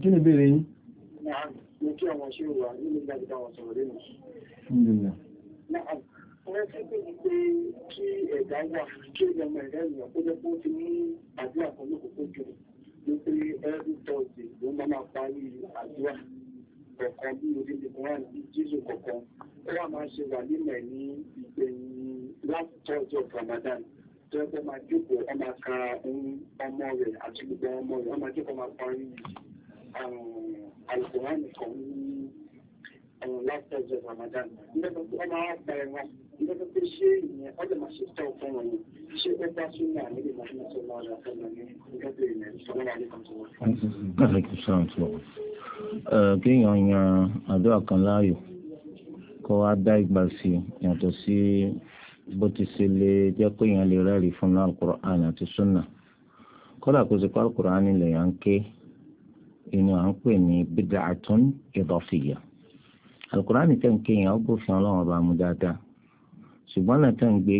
Kí ni ìbéèrè yín? Mo kí àwọn ṣe wà nínú ìgbàgbà àwọn sọ̀rọ̀ lẹ́nu. Wọ́n fẹ́ pé kí ẹ̀dá wà kí ẹ̀dá ọmọ ẹ̀dá ti ní àdúrà kan lókò tó jù ló pé ẹ̀rù tọ́ọ̀sì ló máa parí àdúrà kọ̀ọ̀kan bí orí ti kọ́ra tó ẹgbẹ́ máa jókòó ẹ máa ka ọmọ rẹ̀ àti gbogbo ọmọ rẹ̀ ọmọ jókòó máa parí àlùkò um, wọn ní um, last thursday ramadan nígbà tó ọmọ wa gba ẹran nígbà tó ṣé ìyẹn ọdẹ máa ṣe tẹ́ ọ̀fọ́ wọn ni ṣé ó bá sún ní àmì ìmọ̀ ní ọ̀sẹ̀ máa rà fún mi ní gẹ́gẹ́ ìyẹn ìṣọ̀rọ̀ wa ní kan tó wọ́n. kéèyàn yan àdúrà kan láàyò kó wá dá ìgbà sí yàtọ̀ sí bó ti ṣe lè jẹ́ pé èèyàn lè rẹ́rìí fún náà àti sunna kódà kó sì pa alukur'an yà ń ké inú à ń pè ní bid'atun idafiyya alukur'an tẹ̀ ń yẹn ó ọba mu dáadáa ṣùgbọ́n náà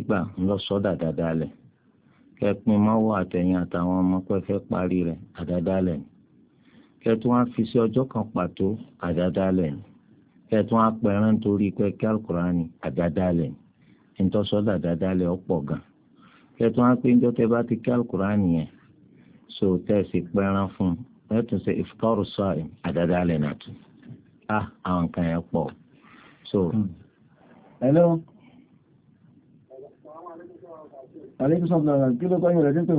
gbà ń lọ lẹ̀ àtẹ̀yìn àtàwọn ọmọ parí rẹ̀ kan pàtó lẹ̀ torí kí alukur'an ntọ́sọ́dà dáadáa lẹ ọ̀pọ̀ gan kẹtùn á pé ń jọ́tẹ́ bá ti kí alukur'an yẹn so tẹ̀sí pẹ́ran fún un lẹ́tùn sí ìfikọ́rù sọ àdáadáa lẹ̀ nàtú a ah, àwọn nǹkan yẹn pọ̀ so. hello. aleykum salaam kí ló kọ́ rẹ̀ dín pé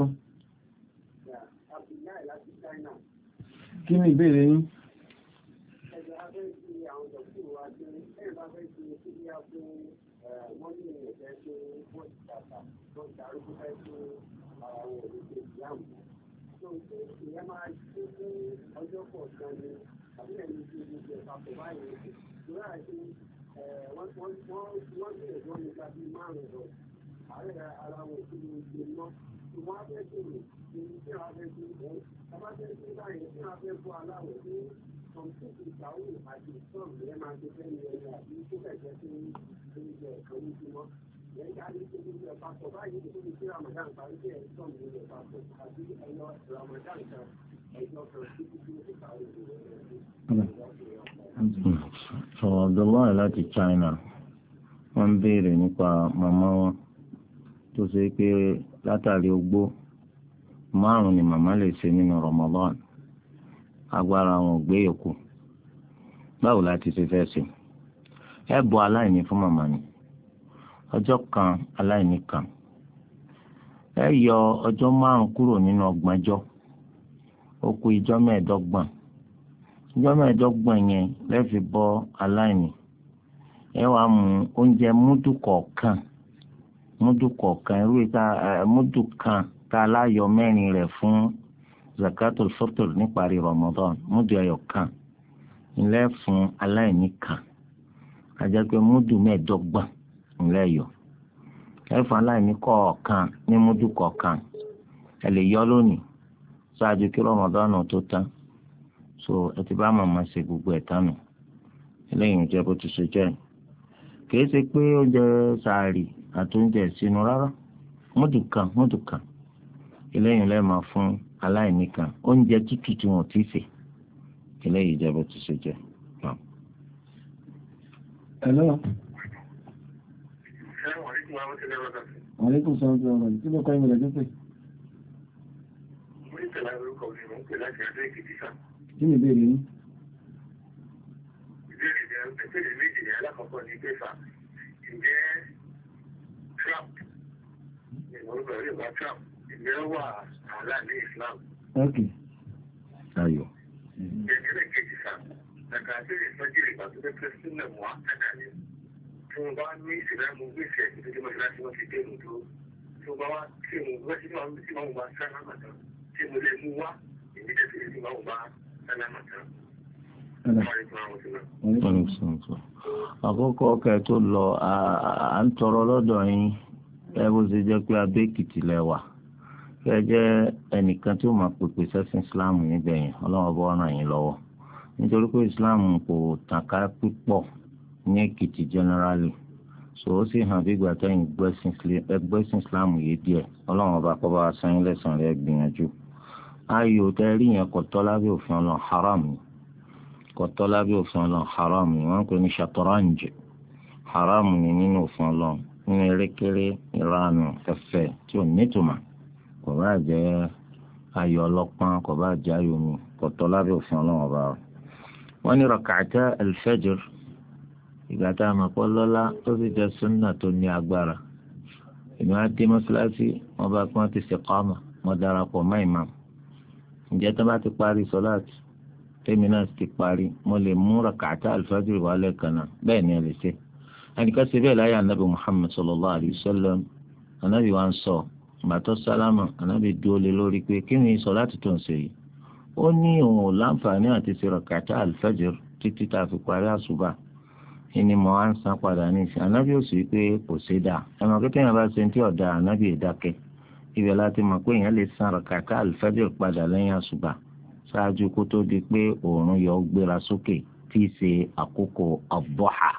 kí ni ìbéèrè yín. ẹ̀jẹ̀ á fẹ́ àwọn dọ̀kítù wa ṣe ẹ̀rọ bá fẹ́ fi síbi àpò. wọ́n ní ìrẹ̀fẹ́ tó wọ́n ti dàgbà tó ń darí fẹ́ tó ara wọn ò ní ṣe ìyáwó. tó ń pè ìyẹn máa ṣe fún ọjọ́ kọ̀ọ̀kan ni àbí ẹ̀mí ti gbogbo ìpapọ̀ báyìí lórí àti wọ́n ní ẹ̀gbọ́n ní gbàgbé márùn-ún lọ àárẹ̀ ara wọn ò ní ṣe mọ́ ṣùgbọ́n abẹ́ tó rè abẹ́ tó rè tábàtẹ́ sí báyìí ìṣẹ́ abẹ́ fún aláwọ̀ Sọ̀rọ̀ Abdullahi láti China, wọ́n ń béèrè nípa màmá wọn tó ṣe pé látàrí ogbó márùn-ún ni màmá lè ṣe nínú Ramadan agbára wọn ò gbé yòókù báwo la ti ṣe fẹ́ ṣe ẹ bọ aláìní fún màmá ni ọjọ́ kan aláìní kan ẹ yọ ọjọ́ márùn kúrò nínú ọgbọ̀njọ́ ó kù ìjọ́ mẹ́ẹ̀ẹ́dọ́gbọ̀n ìjọ́ mẹ́ẹ̀ẹ́dọ́gbọ̀n yẹn lẹ́fi bọ aláìní ẹ wá mú oúnjẹ múdù kọ̀ọ̀kan irú ìta múdù kan láyọ mẹ́rin rẹ̀ fún zakatul fitr níparí ramadan múdù ẹyọ kan ńlẹ fún aláìní kan ajá pé múdù mẹ́ẹ̀ẹ́dọ́gbọ̀n ńlẹ yọ ẹ fún aláìní kọ̀ọ̀kan ní múdù kọ̀ọ̀kan ẹ lè yọ lónìí ṣáájú kí ramadan tó tán so ẹ ti bá màmá ṣe gbogbo ẹ̀ tánu eléyìí ń jẹ́ bó ti ṣe jẹ́ kì í ṣe pé oúnjẹ sàárì àti oúnjẹ ìsinú rárá múdù kan múdù kan eléyìí lẹ́ẹ̀ máa fún aláìní kan oúnjẹ tútù tí wọn ti sè eléyìí ìjọba tó ṣe jẹ. Hello. Àlékún sọ́run tí wọ́n rẹ̀ kí ló kọ́ ìmọ̀ lẹ́jọ́ pé? Kí ni ìbéèrè yín? Ìbéèrè ni ìbéèrè méjì ni alákọ̀ọ́kọ́ ní pẹ́fà. Ǹjẹ́ Trump ni orúkọ yóò bá Trump ìyẹn wà àlà ní Islam. ok ayọ̀. ìyẹn kejì sá kàkà sí ìtọ́jú ìgbà tó fẹ́ sílẹ̀ wọ́n á kàkà ní. tí wọ́n bá ní ìsìlámù gbèsè ìdílé tó máa ti wọ́n ti dé ìlú dúró. tí wọ́n bá wá tí mo wá sí máa sí máa wá sálámà tán tí mo lè mú wá ìdílé tó lè sí máa wá sálámà tán. Àkọ́kọ́ ọkà tó lọ à ń tọrọ lọ́dọ̀ yín ẹ bó ṣe jẹ́ pé abẹ́kìtì lẹ́wà kí ẹ jẹ́ ẹnìkan tí ó máa pèpè sẹ́sìn islam níbẹ̀ yẹn ọlọ́wọ́ bọ́ ràn yín lọ́wọ́ nítorí pé islam kò tàn ká púpọ̀ ní èkìtì generally so ó sì hàn bí ìgbà tẹ́yìn gbẹ́sìn islam yìí díẹ̀ ọlọ́wọ́ bá kọ́ bá a san ilé san rẹ̀ gbìyànjú ayò tẹ́ rí yẹn kò tọ́ lábẹ́ òfin ọlọ́run haram ni kò tọ́ lábẹ́ òfin ọlọ́run haram ni wọ́n ń pè ní shatoranj haram ni nínú òfin ọlọ́run nínú erékeré ìranù ẹ̀fẹ̀ tí ò nítumọ̀ kò bá jẹ́ ayò ọlọ́pọ́n kò bá jẹ́ ayò mi kò tọ́ lábẹ́ òfin ọlọ́run ọba o. wọ́n ní rakata alfajr ìgbà tá a mọ̀ pọ́ lọ́lá tó sì jẹ́ sunna tó ní agbára èmi á dé mọ́ṣáláṣí wọ́n bá pọ́n ti ṣe kọ́mà mo darapọ̀ mọ́ ìmáàmù ǹjẹ́ tó bá ti parí sọ́láàtì tèmi náà ti parí mo lè mú rakata alifajiri wà lẹ́ẹ̀kan bẹ́ẹ̀ ni ẹ lè ṣe ẹnìkan ṣe bẹ́ẹ̀ láyé anabi muhammed sallallahu alayhi anabi wa ń sọ gbàtọ́ sálámà ànábì dúró lé lórí pé kí ni sọ láti tó ń ṣe yìí ó ní òun ò láǹfààní àti sèrò kàtà àlùfẹ́jọ títí tá a fi parí àṣùbà ìní mọ̀ á ń san padà ní ìsìn ànábì ò sì pé kò ṣe dáa ẹ̀mọ̀ kí téèyàn bá ṣe tí ọ̀dà ànábì ìdákẹ́ ibẹ̀ láti mọ̀ pé èèyàn lè san kàtà àlùfẹ́jọ padà lẹ́yìn àṣùbà ṣáájú kó tó di pé òòrùn yọ gbéra sókè tí í ṣe àkókò àbọ̀hà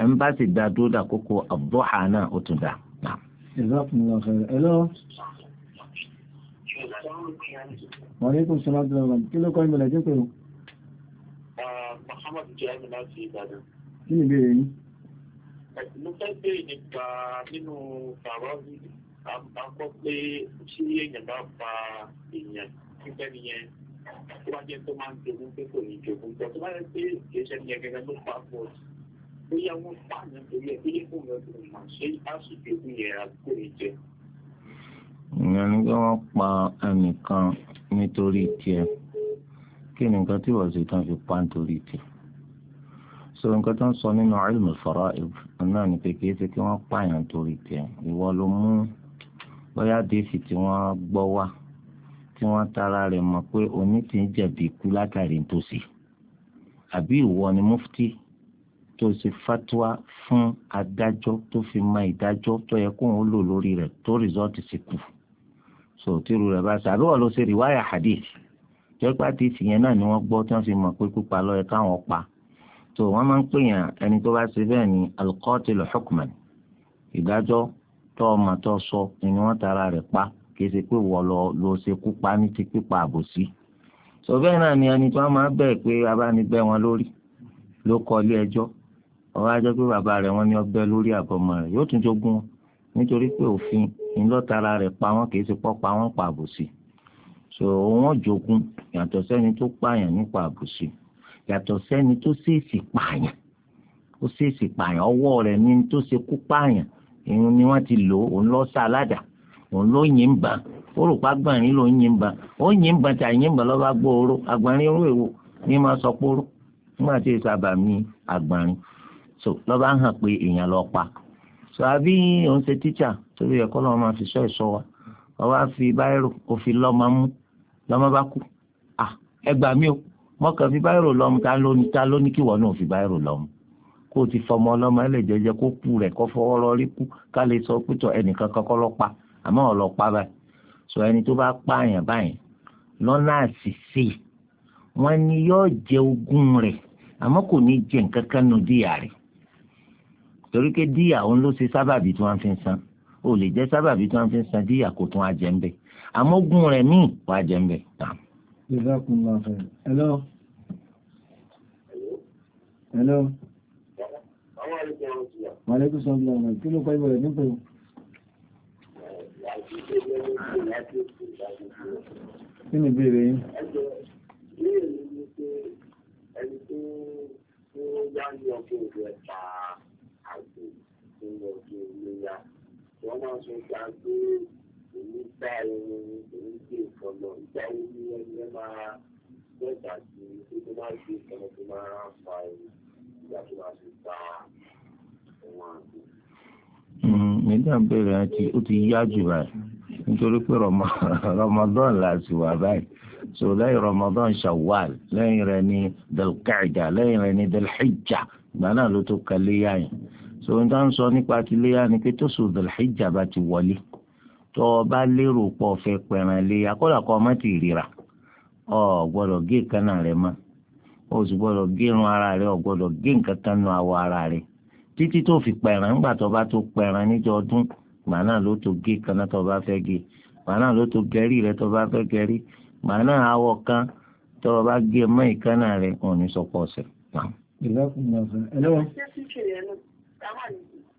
ẹ̀ ń bá sì dá dúró dàkókò àbọ̀hà náà ó tún dáa. Ìzákùnlá ọ̀fẹ́rẹ̀. Hello. Wọ́n ní kò ṣe máa dúró rẹ̀. Kí ló kọ́ ìbẹ̀lẹ̀ jẹ́ pẹ̀lú? Ah, Muhammad Jami láti Ìbàdàn. Kí ni ìbéèrè yìí? Eh, mo fẹ́ béèrè nípa nínú Fàrọ́bì, a kọ́ pé ṣí èèyàn bá pa èèyàn nígbẹ́ nìyẹn tó bá jẹ́ tó bóyá wọ́n pààyàn torí ẹ̀ bóyá kò lọ sí ìmọ̀ ṣé àsìkò ìpín yẹn àkókò jẹ. ìyẹn ni kí wọ́n pa ẹnìkan nítorí tiẹ̀ kí ni nǹkan tí wọ́n ṣe tán fi pa nítorí tiẹ̀ so nǹkan tó ń sọ nínú ilmu fara'id náà ni pé kìí ṣe kí wọ́n pààyàn nítorí tiẹ̀ ìwọ ló mú bóyá déèsì tí wọ́n gbọ́ wá tí wọ́n tara rẹ̀ mọ̀ pé oní ti ń jẹ̀bi ikú látàrí nítòsí àbí ìwọ ni mufti tó ṣe fatwa fún adájọ́ tó fi mọ ìdájọ́ tó yẹ kó òun lò lórí rẹ̀ tó rìsọ́ọ̀tì sì kù so tírú rẹ̀ bá ṣàbí wọ́n ló ṣe rìwáyà hadith jẹ́pẹ́ àdìsí yẹn náà ni wọ́n gbọ́ tí wọ́n fi mọ̀ pé pípa lọ́yẹ káwọn pa tó wọ́n máa ń pèèyàn ẹni tó bá ṣe bẹ́ẹ̀ ni alqatilu hukman ìdájọ́ tó ọmọ tó sọ ni wọ́n tara rẹ̀ pa kì í ṣe pé wọ́n lọ lọ ṣe kú pa ní ti pípa àbòsí so bẹ́ẹ̀ náà ni ẹni tó máa bẹ̀ pé abánigbẹ́ wọn lórí ló kọ ilé ẹjọ́ ọwọ́ ajọ pé bàbá rẹ̀ wọ́n ní ọbẹ̀ lórí àbọ̀mọ̀ rẹ̀ yóò tún jogún nítorí pé òfin ńlọ́tara rẹ̀ pa wọ́n kì í ṣe pọ́ pa wọ́n pa àbòsí so wọ́n jogún yàtọ̀ sẹ́ni tó pààyàn nípa àbòsí yàtọ̀ sẹ́ni tó ṣèèṣì pààyàn ó ṣèèṣì pààyàn ọwọ́ rẹ̀ ní tó ṣe kú pààyàn ìyún ni wọ́n ti lò òun lọ sá aládà òun ló yìn bàn ó rò pa agbọ̀nrín ló yìn bàn ó yìn bàn tà yìn bàn lọ́ba gbọ́ oró agbọ̀nrín èwo ní máa sọ pé nígbà tí èso àbàmì agbọ̀nrín so lọ́ba hàn pé èèyàn lọ pa so àbí òun ṣe tíṣà torí ẹ̀kọ́ náà máa fi sọ ìṣọ wa ọba fi báírò ó fi lọ́mọ mú lọ́mọ bá kú ah ẹ gbà mí o mọ́kàn fi báírò lọ́mú ta ló ní ta ló ní kí wọ́n náà fi báírò lọ́mú kó o ti fọmọ ọlọ́mọ ẹ lè jẹjẹ kó kú rẹ̀ kó fọwọ́ lọ rí kú ká lè sọ pé tọ ẹnìkan kọ́kọ́ lọ pa àmọ́ ọ̀ lọ pa báyìí so ẹni tó bá pààyàn báyìí lọ́nà àṣìṣe wọ́n ní yóò jẹ ogún rẹ̀ àmọ́ kò ní jẹ nǹkan kan nù díyà rẹ̀ torí pé díyà òun ló ṣe sábàbí tí wọ́n fi ń san ó lè jẹ́ sábàbí tí wọ́n fi ń san díyà kó tún ajẹ́ ń bẹ̀ àmọ́ ogún rẹ̀ míì wàá jẹ́ ń bẹ̀. hello. hello. Màlẹ́kù sọ bí ọmọ kí ló kọ́ ìbọ̀rẹ̀ nípò? yá ní ọkọ̀ òjò ẹ̀ta àgbò nínú ọjọ́ ìlera wọ́n máa ń sọ pé àgbò èyí gbá irun èyí gbé ìfọ̀nà ìgbà wo ni ẹni ẹ máa gbẹ̀gbà sí pé tó máa gbé ìfọ̀nà tó máa fa irun ìgbà tó máa fi fa ẹ̀wọ̀n àgbò. nígbà hmm, bẹ̀rẹ̀ àti ó ti yá jù báyìí nítorí pé Ramadan la ti wà báyìí so lẹ́yìn Ramadan Shawwal lẹ́yìn rẹ̀ ní delkaida lẹ́yìn rẹ̀ ní delhijja gbàdá ló tó kalẹ́ yáyìn. sọ̀rọ̀ tá à ń sọ nípa tiléyà ni pé tó sùn dàlhíjà bá ti wọlé tó o bá lérò pọ̀ fẹ́ pẹ̀ràn ọmọ ti ríra ọ gbọ́dọ̀ gé ìkànnà rẹ mọ́ o sì gbọ́dọ̀ gé irun ara rẹ ọ gbọ́dọ̀ gé nǹkan kan nu ara rẹ títí tó fi ńgbà tó bá tó níjọ ọdún ló tó gé tó bá fẹ́ gé ló tó gẹ̀rí rẹ tó kan tó o bá gé mọ́ rẹ ní sọ pọ̀ ọ̀sẹ̀.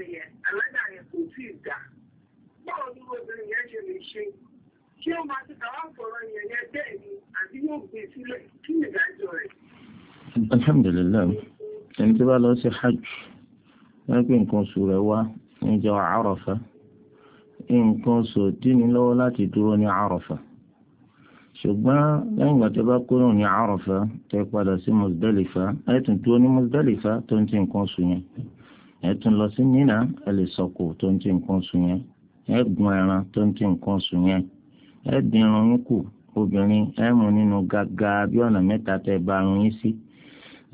jìyàn àládà yẹn kò tí ì dà báwo ni obìnrin yẹn ṣe lè ṣe kí ó máa ti dáwà fọ̀rọ̀ yẹn yẹn bẹ́ẹ̀ ni àbí yóò gbé e sílẹ̀ kí ìdájọ́ rẹ̀. alhamdulilayi ẹni tí bá lọ sí hajj wọn pé nǹkan oṣù rẹ̀ wá níjọ́ àròfà nǹkan oṣù dínní lọ́wọ́ láti dúró ní àròfà ṣùgbọ́n lẹ́yìn ìgbà tó bá kúrò ní àròfà tẹ padà sí muzdalifa ẹ tún ní muzdalifa tó ń ti nǹkan oṣù yẹn. ẹ tún lọ sí Mínà ẹ lè sọkò tó ń ti nǹkan oṣù yẹn ẹ gun ẹran tó ń ti nǹkan oṣù yẹn ẹ dín yín kù obìnrin ẹ mú nínú gàgà bí ọ̀nà mẹ́ta tẹ bá irun yín sí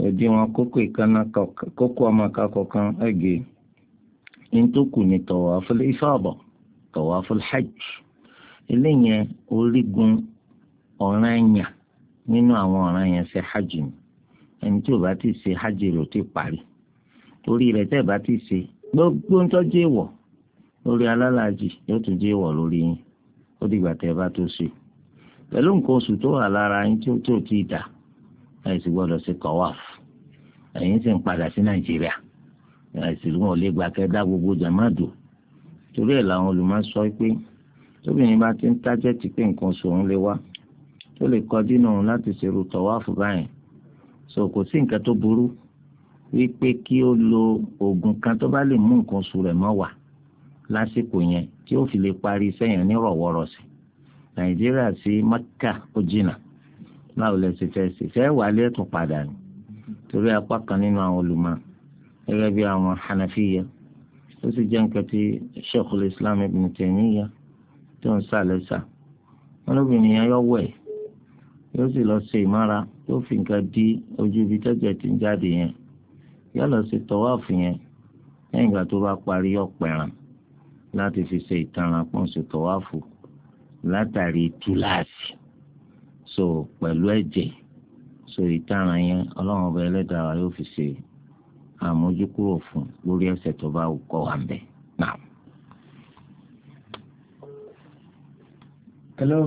ẹdí wọn kókó ìkànnà kókó ọmọ ní e. hajj eléyẹn orígun ọ̀ràn ẹ̀yà nínú àwọn ọ̀ràn yẹn ṣe hajj ni ẹni tí bá hajj ti torí rẹ̀ tẹ́ bá ti ṣe gbogbo ńtọ́jú ìwọ̀ lórí alálàájì yóò tún jẹ́ ìwọ̀ lórí yín ó dìgbà tẹ́ bá tó ṣe pẹ̀lú nǹkan oṣù tó wà lára yín tí ó tó ti dà àìsí gbọ́dọ̀ sì ń padà sí nàìjíríà àìsí wọn ò torí ẹ̀ làwọn pé tóbìnrin bá ti ń tájẹ́ ti pé nǹkan oṣù òun lè wá tó lè kọjú náà láti ṣerú báyìí so kò sí nǹkan tó burú wípé kí ó lo oògùn kan tó bá lè mú nǹkan oṣù rẹ̀ mọ́ wà lásìkò yẹn tí ó fi lè parí iṣẹ́ yẹn ní rọ̀wọ́rọ̀sì nàìjíríà sí mẹ́kà ó jìnnà báwo lẹ ṣe fẹ́ ṣe fẹ́ wà lẹ́tùn padà ni torí apá kan nínú àwọn olùmọ̀ gẹ́gẹ́ bí àwọn hanafiya ó sì jẹ́ nǹkan tí sheikhul islam ibn taymiya tó ń sá lẹ́sà wọn lóbìnrin yẹn yọ wẹ̀ yóò sì lọ ṣe ìmára yóò fi nǹkan di ojú ibi tẹ́jẹ̀ ti ń jáde yẹn yóò lọ sí tọwáàfù yẹn lẹ́yìn ìgbà tó bá parí ọ̀pẹ̀ràn láti fi ṣe ìtanràn pọ̀ sí tọwáàfù látàrí túláàsì so pẹ̀lú ẹ̀jẹ̀ so ìtanràn yẹn ọlọ́run ọba ẹlẹ́dàá wa yóò fi ṣe àmójúkúrò fún lórí ẹ̀ṣẹ̀ tó bá kọ́ wa ń bẹ̀ náà. hello.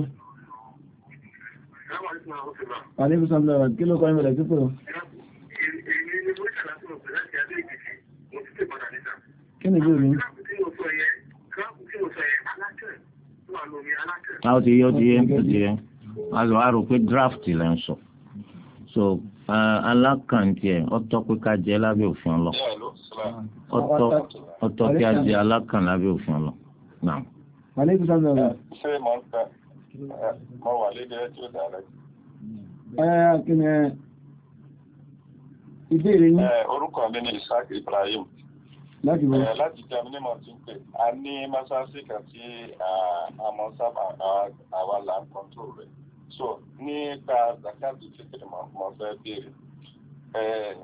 Aleykum salaam. Kí ló kọ́ ẹ̀ mẹ́lẹ̀ kí pẹ̀lú? kí a ti yẹ ti yẹ ti yẹ a rò pé draft lẹ ń sọ so alákàntì ẹ pé ká jẹ lábẹ́ òfin ọlọ ọ̀tọ̀ ọ̀tọ̀ kí a jẹ alákàn lábẹ́ òfin ọlọ náà. mo ń fẹ́ mo wà lédè ẹ kí ni ìbéèrè yín. orúkọ mi ni Isaac Ibrahim. láti wọ́n. Eh, láti jẹ́ ní mọ̀ tí ń pè a ní mọ́sáàsì kan àmọ́ sábà àwa là ń kọ́ńtò rẹ̀ so nípa zakati fitiri mọ̀ fẹ́ béèrè eh,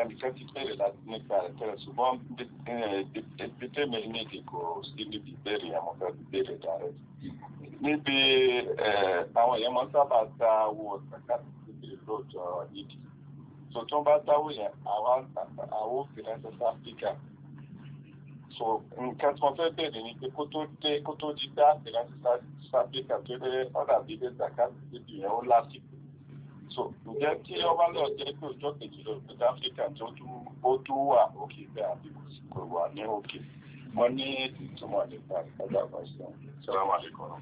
ẹnìkan ti béèrè láti nípa rẹ̀ tẹ́lẹ̀ ṣùgbọ́n bídèmí eh, níbi kò sí níbi béèrè àmọ́ fẹ́ béèrè dárẹ́ níbi àwọn èèyàn mọ́ sábà ta owó zakati fitiri lóòjọ́ yìí tó tún bá dáwọ́ yẹn àwọn òfin ẹ̀sẹ̀ sáfíkà so nǹkan tí wọ́n fẹ́ bẹ̀rẹ̀ ni pé kó tó dé kó tó di dá ìrántí sáfíríkà tó dé ọ̀dà bíbí ìdàkà síbi ìyẹn ó lásìkò so ǹjẹ́ kí ọba lọ jẹ́ pé ọjọ́ kejì lọ ìpínlẹ̀ áfíríkà tó ó tó wà òkè bẹ́ẹ̀ àbí kò sì kò wà ní òkè mo ní èdè tó wà nípa ìpínlẹ̀ àgbàṣe sọ́lámà lẹ́kọ̀ọ́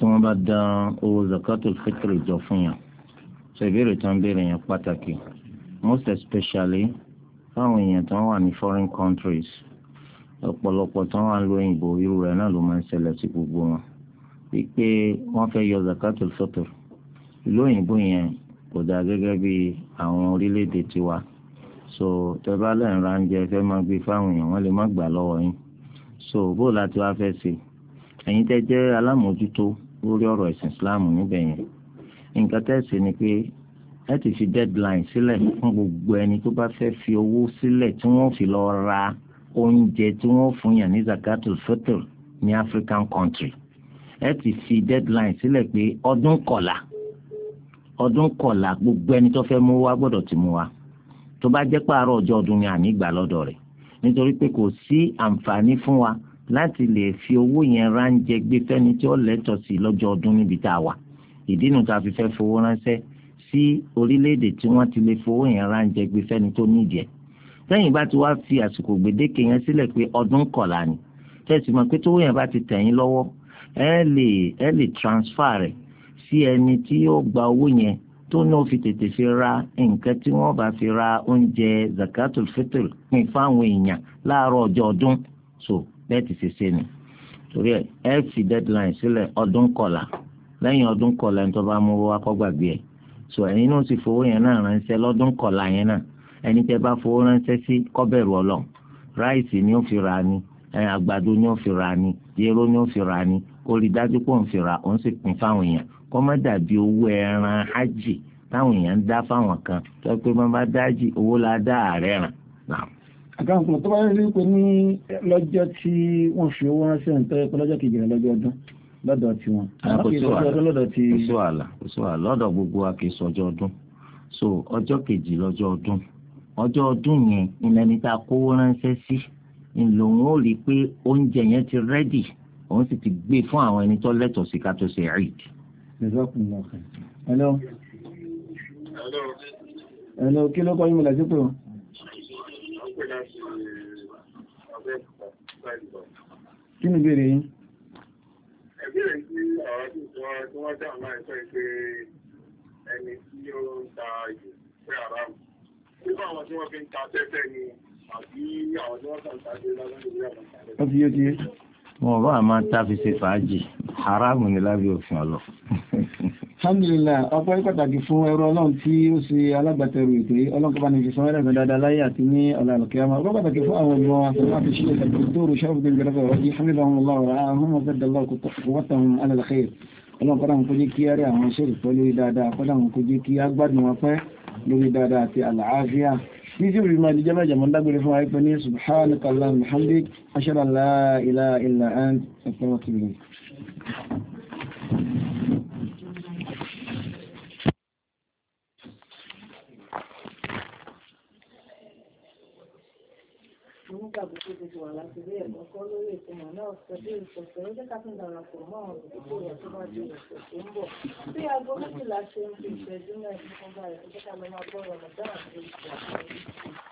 tí wọ́n bá dá owó zakatul fitri jọ fún yàn ṣe ìbéèrè tó ń béèrè yẹn pàtàkì most especially fáwọn èèyàn tó wà ní foreign countries ọ̀pọ̀lọpọ̀ tó wà ń lo òyìnbó irú rẹ̀ náà ló máa ń ṣẹlẹ̀ sí gbogbo wọn wípé wọ́n fẹ́ yọ zakatul fitr ìlú òyìnbó yẹn kò dà gẹ́gẹ́ bí àwọn orílẹ̀-èdè tiwa so tẹ́bá lẹ́yìn ránjẹ fẹ́ máa gbé fáwọn èèyàn wọ́n lè má gbà lọ́wọ́ yín so bó láti wá fẹ́ ṣe ẹ̀yin tẹ́ jẹ́ alámòójútó lórí ọ̀rọ̀ ẹ̀sìn Islam níbẹ̀ yẹn nǹkan tẹ́ ṣe ni pé ẹ ti fi deadline sílẹ̀ fún gbogbo ẹni tó bá fẹ́ fi owó sílẹ̀ tí wọ́n fi lọ ra oúnjẹ tí wọ́n fún yàn ní zakatul fitr ní African country ẹ ti fi deadline sílẹ̀ pé ọdún kọ̀la ọdún kọ̀la gbogbo ẹni tó fẹ́ mú wá gbọ́dọ̀ ti mú wá tó bá jẹ́ pààrọ̀ ọjọ́ ọdún ni àní gbà lọ́dọ̀ rẹ̀ nítorí pé kò sí àǹfààní fún wa láti lè fi owó yẹn ránjẹ gbé fẹ́ni tí ó lẹ́tọ̀ọ́ sí lọ́jọ́ ọdún níbi tá a wà ìdí nu tá fi fẹ́ fowó ránṣẹ́ sí orílẹ̀-èdè tí wọ́n ti lè fowó yẹn ránjẹ gbé fẹ́ni tó nídìí ẹ̀ tẹ́yìn bá ti wá fi àsìkò gbèdéke yẹn sílẹ̀ pé ọdún kọ̀ọ̀la ni tẹ̀sí mọ̀ pé tówó yẹn bá ti tẹ̀yìn lọ́wọ́ ẹ lè ẹ lè transfer rẹ̀ sí ẹni tí yóò gba owó yẹn tó náà fi tètè fi ra nǹkan tí wọ́n bá fi ra oúnjẹ zakatul fitr pin fáwọn èèyàn láàárọ̀ ọjọ́ ọdún so bẹ́ẹ̀ ti ṣe ṣe ni torí ẹ fi deadline sílẹ̀ ọdún kọ̀ọ̀la lẹ́yìn ọdún kọ̀ọ̀la ẹni tó bá mú wá kó ẹ̀ so ẹ̀yin náà sì fowó yẹn náà ránṣẹ́ lọ́dún kọ̀ọ̀la yẹn náà ẹni bá fowó ránṣẹ́ sí kọ́bẹ̀rù ọlọ. ráìsì ni ó fi ni àgbàdo ni ó fi ni ni ó fi ni kó dájú pé òun fi rà òun sì pín fáwọn èèyàn má dàbí owó ẹran hajj táwọn èèyàn ń dá fáwọn kan tó pé wọ́n bá dájì owó la dá ààrẹ ràn tó bá ní lọ́jọ́ tí wọ́n fi owó ránṣẹ́ ń tẹ́ lọ́jọ́ kejì lọ́dọ̀ tí wọn. Ah, kò sí wàhálà kò sí wàhálà lọ́dọ̀ gbogbo wa kì í sọ ọjọ́ ọdún so ọjọ́ kejì lọ́jọ́ ọdún ọjọ́ ọdún yẹn ìlànà tá a kówó ránṣẹ́ sí ìlòun ó rí i pé oúnjẹ yẹn ti rẹ́dì òun sì ti gbé fún àwọn ẹni tó lẹ́tọ̀ọ́ sí ká tó ṣe eid. hello. hello kí ló kọ́ yín mo lè sí pé o. kí ni ìbéèrè yín tí wọ́n dà máa sọ pé ẹni tí ó ń ta ìlú pé àràmù. Nígbà àwọn tí wọ́n fi ń ta tẹ́tẹ́ ni àbí àwọn tí alhamdulillah ọpẹ́ pàtàkì fún ẹrú ọlọ́run tí ó ṣe alágbàtẹrù ìpè ọlọ́run kọba ní fi sanwó ẹ̀rẹ́gbẹ̀ dáadáa láyé àti ní ọ̀la àlùkẹ́ ọmọ ọpẹ́ pàtàkì fún àwọn ọmọ àfẹ́fẹ́ àti ṣílẹ̀ tàbí tóòrò ṣọ́ọ̀bù gbẹ̀rẹ̀fẹ̀ ọ̀rọ̀ yìí hamid ahun allah ọ̀rọ̀ ahun ọ̀fẹ́dàlá ọ̀kọ̀tàn alàlàkẹ́ ọlọ́run kọ́dà kó jẹ́ kí á rí àwọn ṣèrè kí á gbádùn wọn ní tí òrìmọ̀ ìdíjẹ́ mẹ́jẹ̀ mọ́ dágbére fún àìpẹ́ ní subhanaka allahumma hamdik ashhadu an la ilaha mă la vedem, acolo e cum mă nou, să vin, să se uite ca când am la formă, să se uite cum mă duc, să se umbă. Păi acolo se lasă în timp, pe zi, nu e cum mă dare, să se cam în acolo, mă